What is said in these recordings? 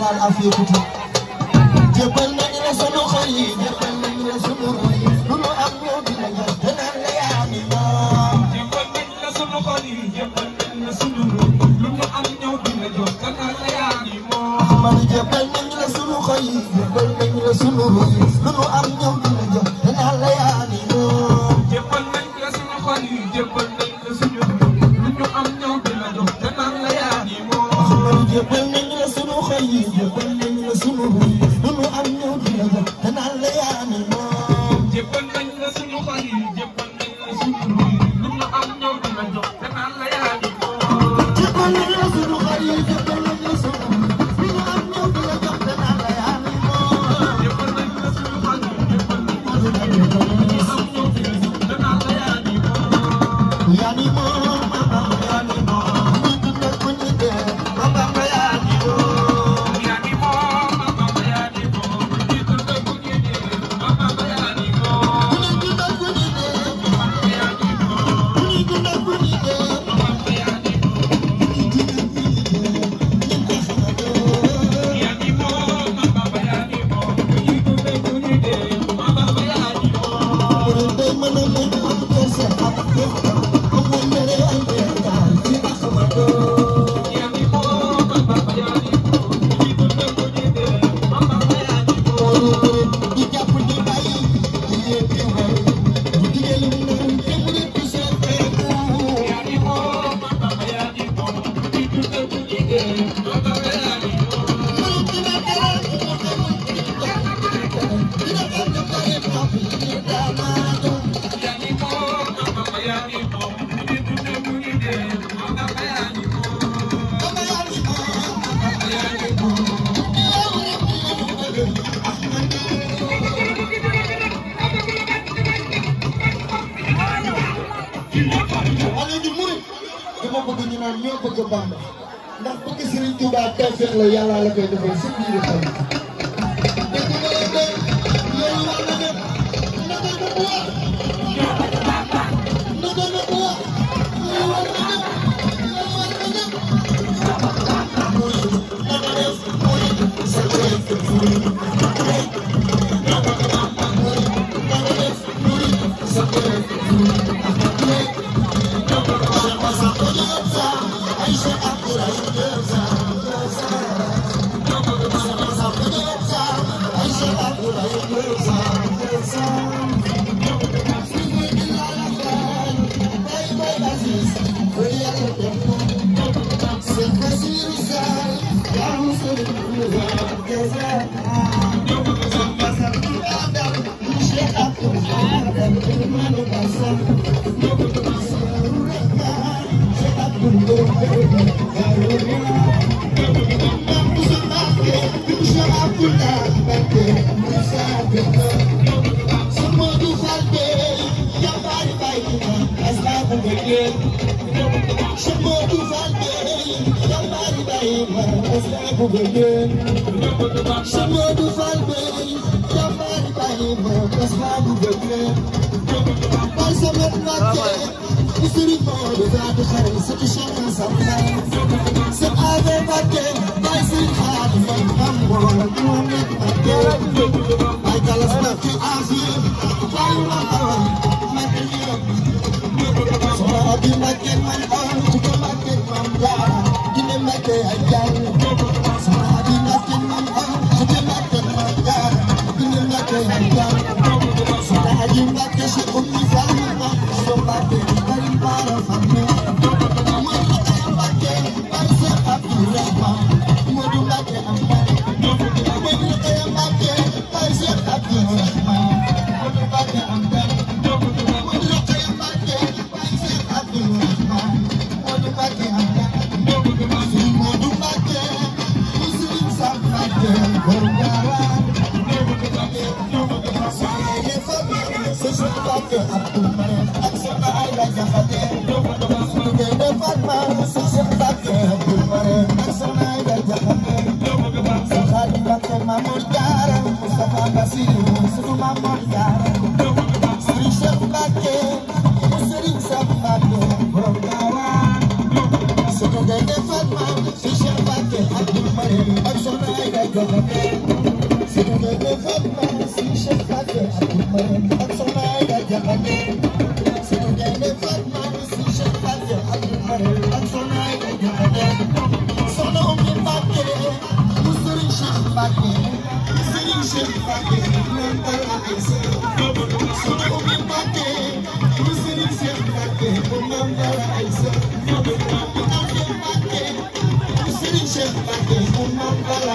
amal afia kuti jébbal nañu la sunu xol yi jébbal nañu la sunu xol yi lu nu am ñoo dina ñor danaan la yaa mi moom jébbal nañu la sunu xol yi jébbal nañu la sunu xol yi lu nu am ñoo dina ñor danaan la yaa mi moom man jébbal nañu la sunu xol yi jébbal nañu la sunu xol yi lu nu am ñoo ndax bëgg Serigne Touba tawfeex la yàlla la koy defal si biir xol Thank you. bu bëggee Cheikh du Fall Bey jàmbaar bàyyi ma tas naa bu bëggee bal sama Mbàkke isri moo de zaatu xare sëtu Cheikh Samba sëb Ave Mbàkke bàyyi si xaat man mam moo moo nekk Mbàkke ay galas Mbàkke afi bàyyi ma awa Mbàkke yëpp Soxna Abi Mbàkke man awa Abdou Mbaye ak Soxna Aïda Diakhaté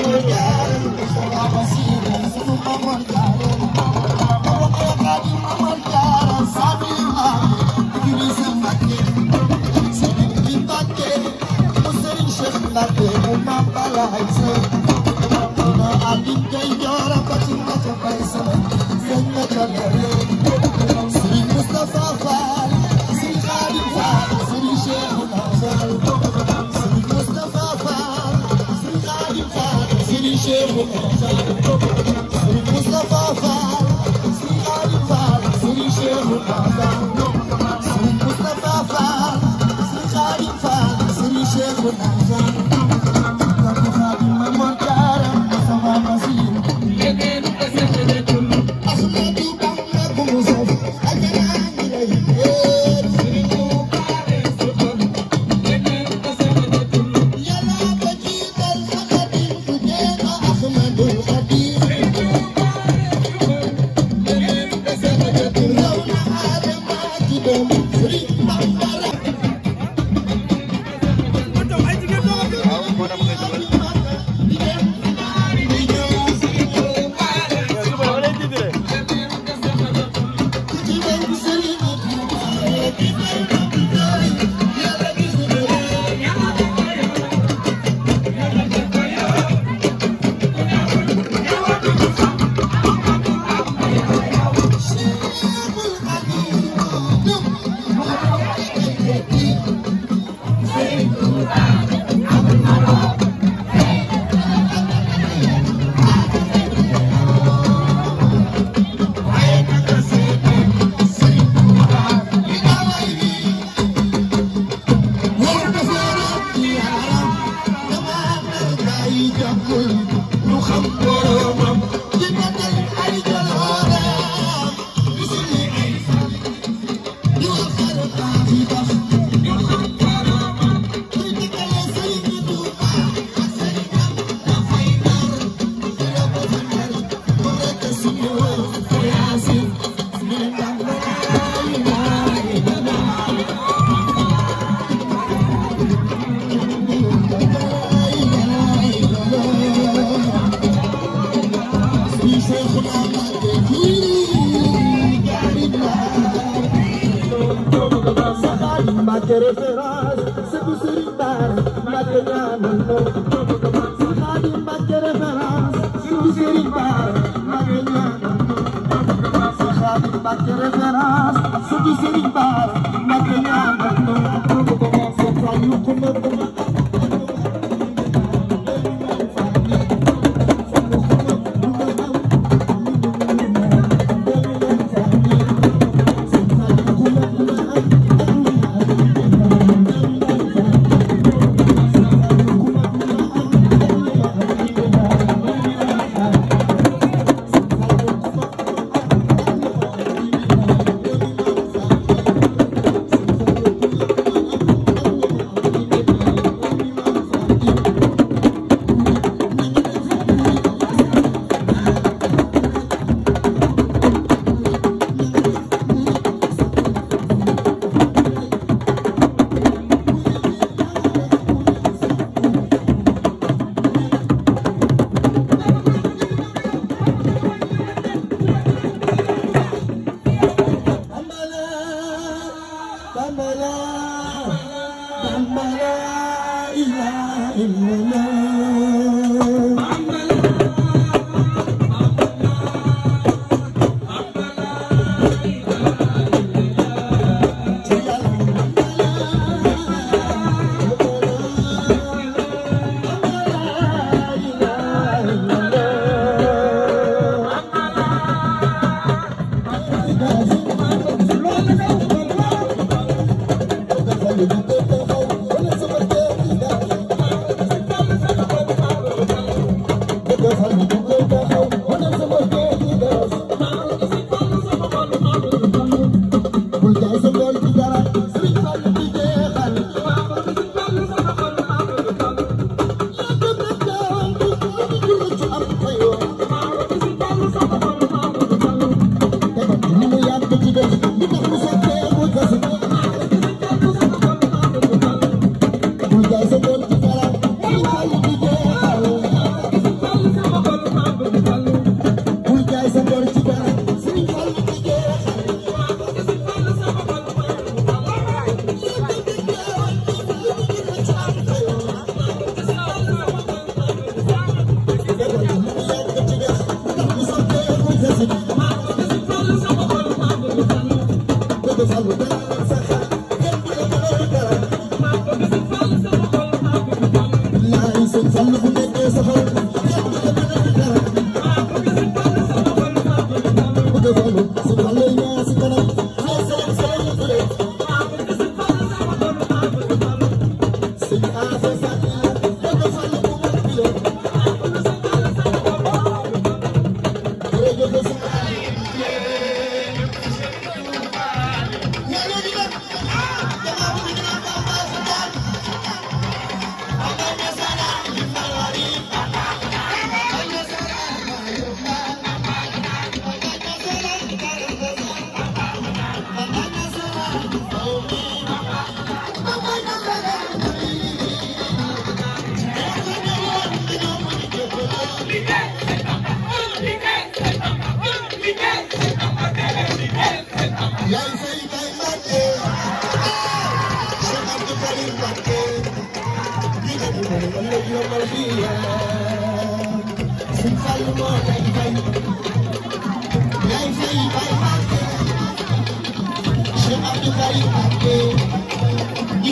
Hallelujah.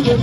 Yeah.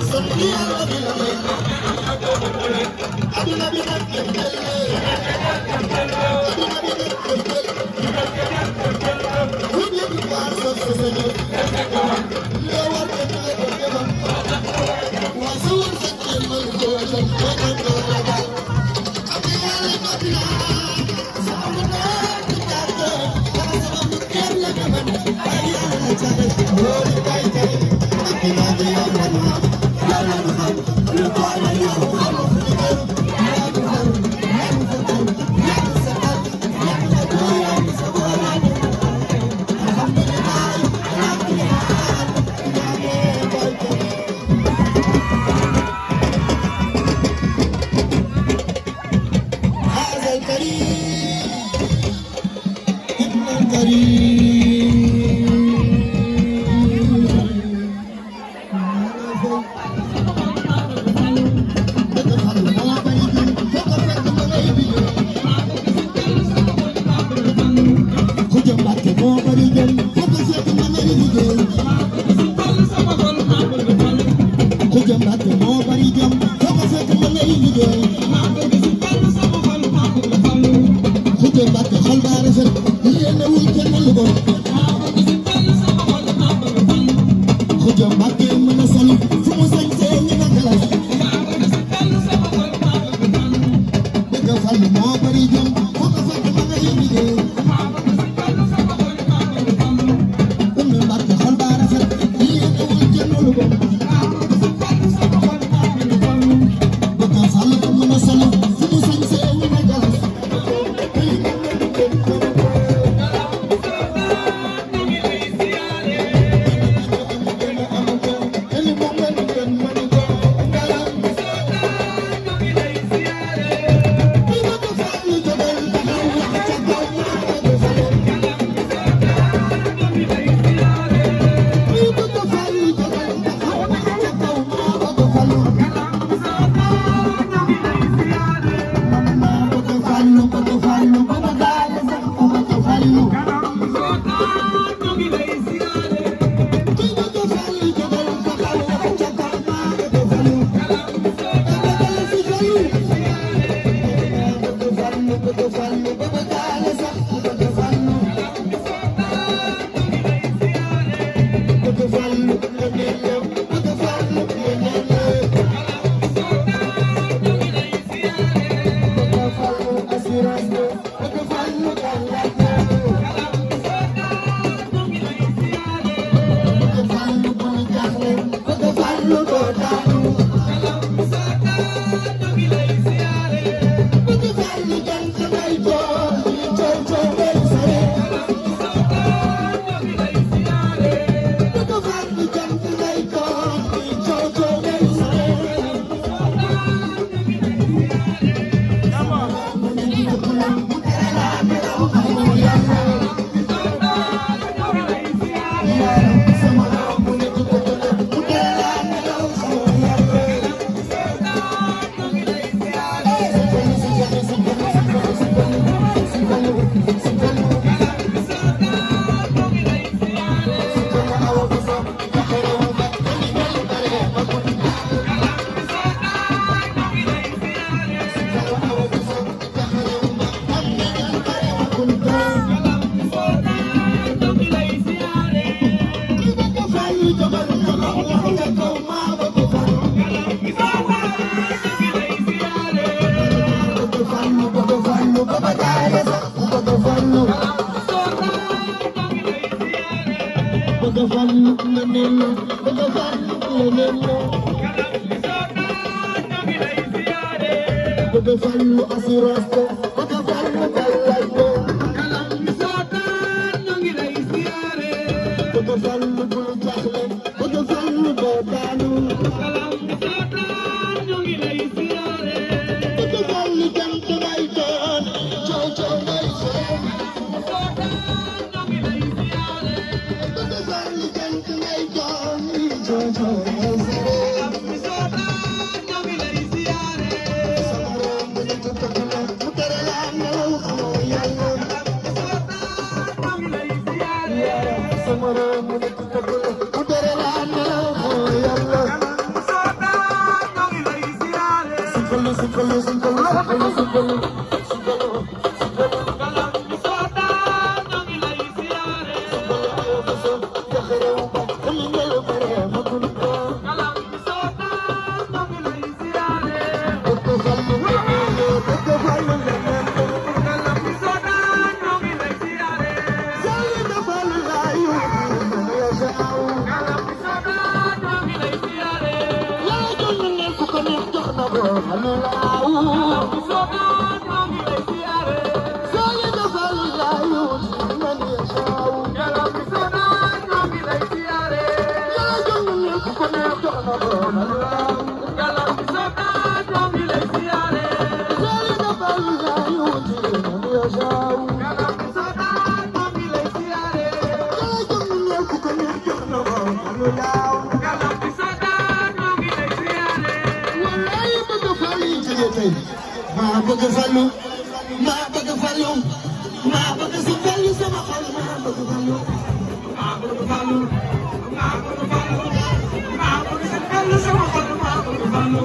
Happy birthday, على الغد رضا اليوم Baba, Baba, Baba, Baba, Assurance Oh, Hello, bëgg fallu maa bëgg fallu maa bëgg si fallu sama xol maa bëgg fallu maa bëgg fallu maa bëgg fallu maa bëgg si fallu sama xol maa bëgg fallu